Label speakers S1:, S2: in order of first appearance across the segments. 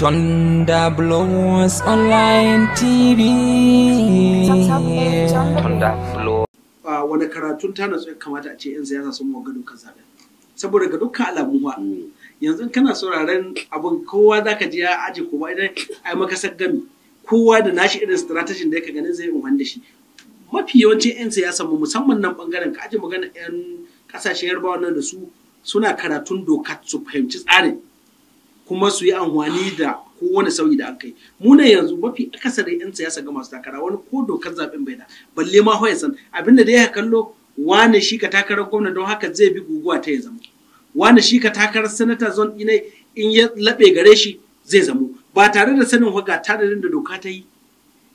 S1: Thunder Blows Online TV. Thunder Blows.
S2: Ah, wani karatun ta natsu kamata a ce 'yan siyasa sun mawa gadon kaza Saboda ga dukkan alamu ba. Hmm. Yanzu kana sauraren abin kowa za ka ji ya aji kuma idan ai maka gami. Kowa da nashi irin strategy da yake ganin zai yi da shi. Mafi yawancin 'yan siyasa mu musamman nan bangaren ka aji magana 'yan kasashen yarbawa nan da su suna karatun doka su fahimci tsarin. kuma su yi amfani da kowane sauyi da aka yi mu ne yanzu mafi akasarin yan siyasa ga masu takara wani ko dokar zaben bai da balle ma hoya san abin da ya kallo wane shi ka takarar gwamna don haka zai bi guguwa ta ya zama wane shi ka takarar sanata zon ina in ya laɓe gare shi zai zamo ba tare da sanin ga tadarin da doka ta yi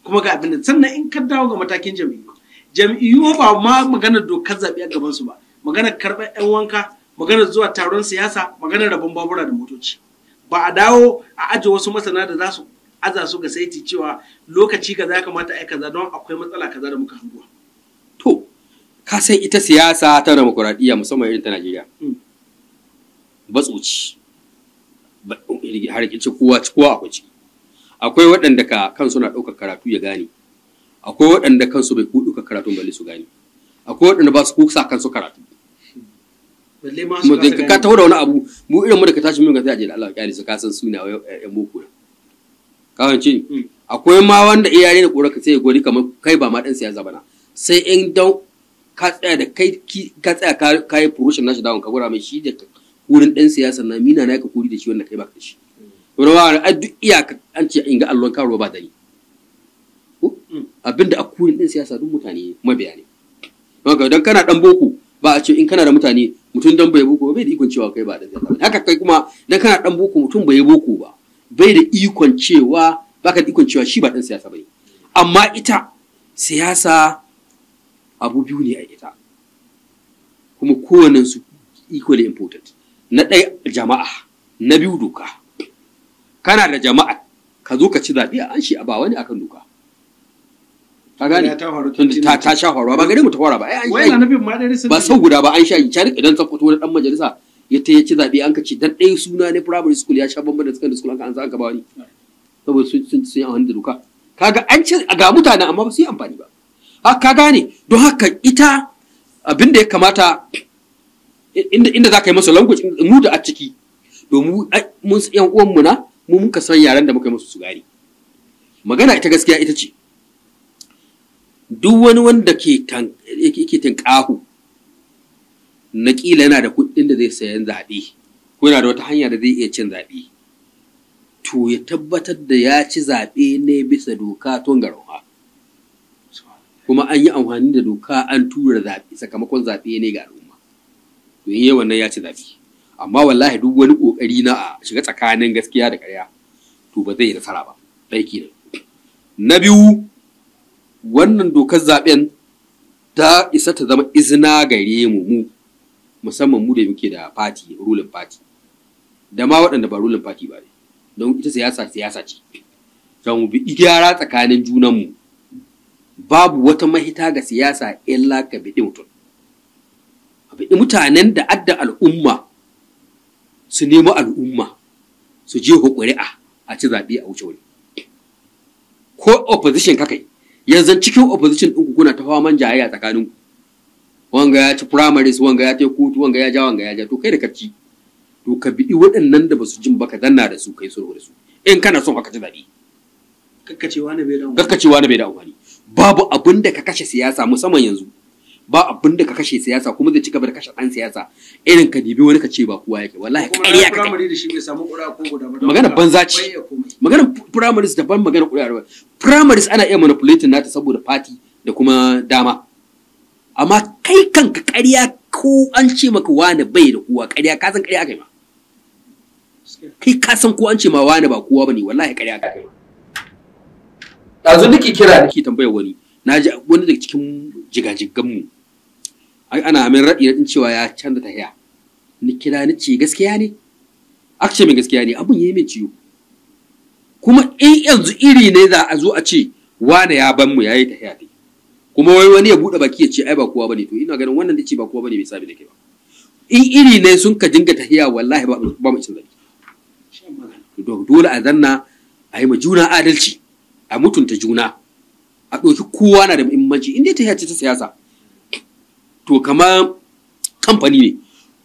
S2: kuma ga abin da sannan in ka dawo ga matakin jam'iyyu jam'iyyu ba ma magana dokar zaɓe a gabansu ba maganar karɓar 'yan wanka maganar zuwa taron siyasa maganar rabon babura da motoci ba a dawo a aji wasu masana da za su aza su ga saiti cewa lokaci ka za kamata a yi kaza don akwai matsala kaza da muka hanguwa.
S1: To, ka san ita siyasa ta demokuraɗiyya musamman irin ta Najeriya. Mm. Batsuci. Har ce kowa kowa akwai ciki. Akwai waɗanda ka kansu na ɗaukar karatu ya gane. Akwai waɗanda kansu bai ku ɗaukar karatu balle su gane. Akwai waɗanda ba su kusa kansu karatu.
S2: ka
S1: taho da wani abu mu irin mu da ka tashi mun ga sai a je da Allah kyale su ka san suna eh, yan boko na kawai hmm. akwai ma wanda iyaye da ka sai gori kamar kai ba ma dan siyasa bana sai in dan ka tsaya da kai ka tsaya ka yi furushin nashi dawon ka gura mai shi da wurin dan siyasa na mina na ka kuri da shi wanda kai ba ka shi rawa a duk iyaka an ce in ga allon karo ba hmm. da ni abinda a kurin din siyasa duk mutane mabiya ne don kana dan boko ba a ce in kana da mutane mutum dan bai boko bai da ikon cewa kai ba da zai haka kai kuma dan kana dan boko mutum bai boko ba bai da ikon cewa baka da ikon cewa shi ba dan siyasa bane amma ita siyasa abu biyu ne a ita kuma kowannen su equally important na ɗaya jama'a na biyu doka kana da jama'a ka zo ka ci zaɓe an shi a ba wani akan doka ka gane ta ta sha faruwa ba gare mu ta fara ba ai an ba sau guda ba an sha yi cari idan san fito da dan majalisa ya ta ci zabe an ka ce dan ɗaya suna ne primary school ya sha bamban da secondary school an ka an san ka ba wani saboda sun sun yi amfani da doka kaga an ce ga mutanen amma ba su yi amfani ba ha ka gane don haka ita abinda ya kamata inda inda za ka yi masa language mu da a ciki domin mun yan uwan mu na mu muka san yaran da muka yi musu su magana ita gaskiya ita ce duk wani wanda ke tinƙahu na ƙila yana da kuɗin da zai sayan zaɓe ko yana da wata hanya da zai iya cin zaɓe to ya tabbatar da ya ci zaɓe ne bisa doka tun garauha kuma an yi amfani da doka an tura zaɓe sakamakon zaɓe ne ga al'umma to in yi wannan ya ci zaɓe amma wallahi duk wani ƙoƙari na a shiga tsakanin gaskiya da ƙarya to ba zai yi nasara ba aiki na biyu wannan dokar zaɓen ta isa ta zama izina gare mu mu musamman mu da muke da fati rulin fati da ma waɗanda ba rulin fati ba ne don ita siyasa siyasa ce don mu bi gyara tsakanin junanmu babu wata mahita ga siyasa illa ka bi mutum a biɗi mutanen da adda al'umma su nemi al'umma su je hukuri'a a ci zaɓe a wuce wuri ko opposition kakai yanzu cikin opposition ɗin kuna ta a jayayya tsakaninku wanga ya ci primaries wanga ya ta kotu wanga ya ja wanga ya ja to kai da karci to ka biɗi waɗannan da ba su jin ba ka danna da su kai sulhu da su in kana son haka ji daɗi kakkacewa na bai da amfani babu abin da ka kashe siyasa musamman yanzu ba abin da ka kashe siyasa kuma zai ci gaba da kashe ɗan siyasa irin ka dibi wani ka ce ba kowa yake wallahi ƙarya ka
S2: magana banza ce
S1: magana primaries daban magana ƙuri'a primaries ana iya manipulating nata saboda fati da kuma dama amma kai kanka ƙarya ko an ce maka wani bai da kowa ƙarya ka san ƙarya aka yi ma kai ka san ko an ce ma wani ba kowa bane wallahi ƙarya aka yi ma ɗazu nake kira nake tambayar wani na ji wani daga cikin jigajigan mu ana min raɗi raɗin cewa ya canza ta haya ni kira ni ce gaskiya ne aka ce min gaskiya ne abun ya yi min ciwo kuma in yanzu iri ne za a zo a ce wane ya ban mu yayi tafiya dai kuma wai wani ya bude baki ya ce ai ba kowa bane to ina ganin wannan da ce ba kowa bane bai sabi da kai ba in iri ne sun ka jinga tahiya wallahi ba ba mu cin zaki dole a zanna a yi ma juna adalci a mutunta juna a ɗauki kowa na da muhimmanci in dai tahiya ce ta siyasa to kamar kamfani ne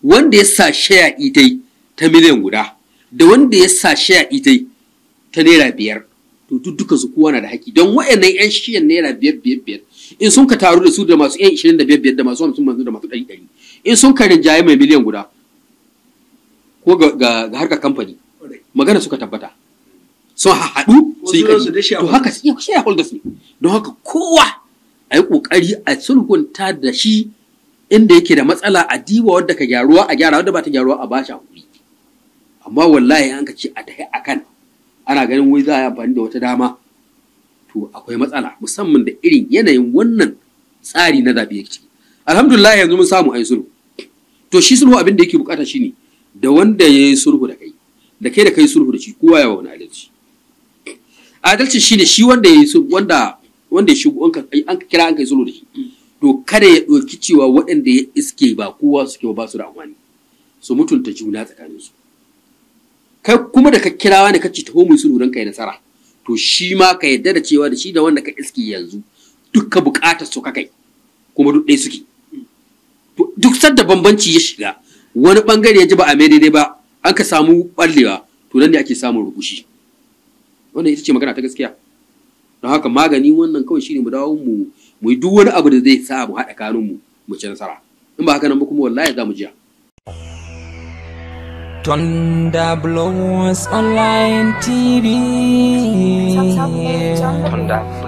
S1: wanda ya sa shaya itai ta miliyan guda da wanda ya sa shaya itai ta naira biyar to duk duka su kowa na da haƙƙi don wa'annan yan shiyan naira biyar biyar biyar in sun ka taru da su da masu yan ishirin da biyar biyar da masu hamsin masu da masu ɗari ɗari in sun ka rinjaye mai miliyan guda ko ga harkar kamfani magana suka tabbata sun haɗu su yi ƙari to haka shareholders ne don haka kowa a yi ƙoƙari a sulhunta da shi inda yake da matsala a diwa wadda ka gyaruwa a gyara wadda ba ta gyaruwa a ba a hakuri amma wallahi an ka ce a a kan ana ganin wai za a yi amfani da wata dama to akwai matsala musamman da irin yanayin wannan tsari na zaɓe yake alhamdulillah yanzu mun samu ai sulhu to shi sulhu abin da yake bukata shine da wanda ya yi sulhu da kai da kai da kai sulhu da shi kowa ya wani adalci adalci shine shi wanda ya yi wanda wanda ya shigo an kira an kai sulhu da shi to kada ya ɗauki cewa waɗanda ya iske ba kowa suke ba su da amfani su mutunta juna tsakaninsu kai kuma da ka kira wani ci taho mai sulhu don kai nasara to shi ma ka yadda da cewa da shi da wanda ka iski yanzu dukka bukatar su ka kai kuma duk ɗaya suke to duk sadda bambanci ya shiga wani bangare ya ji ba a mai daidai ba an ka samu ballewa to nan ne ake samun rukushi wannan ita ce magana ta gaskiya don haka magani wannan kawai shine mu dawo mu mu yi duk wani abu da zai sa mu haɗa kanunmu mu ci nasara in ba haka nan ba kuma wallahi za mu jiya Thunder Blows Online TV. Thunder.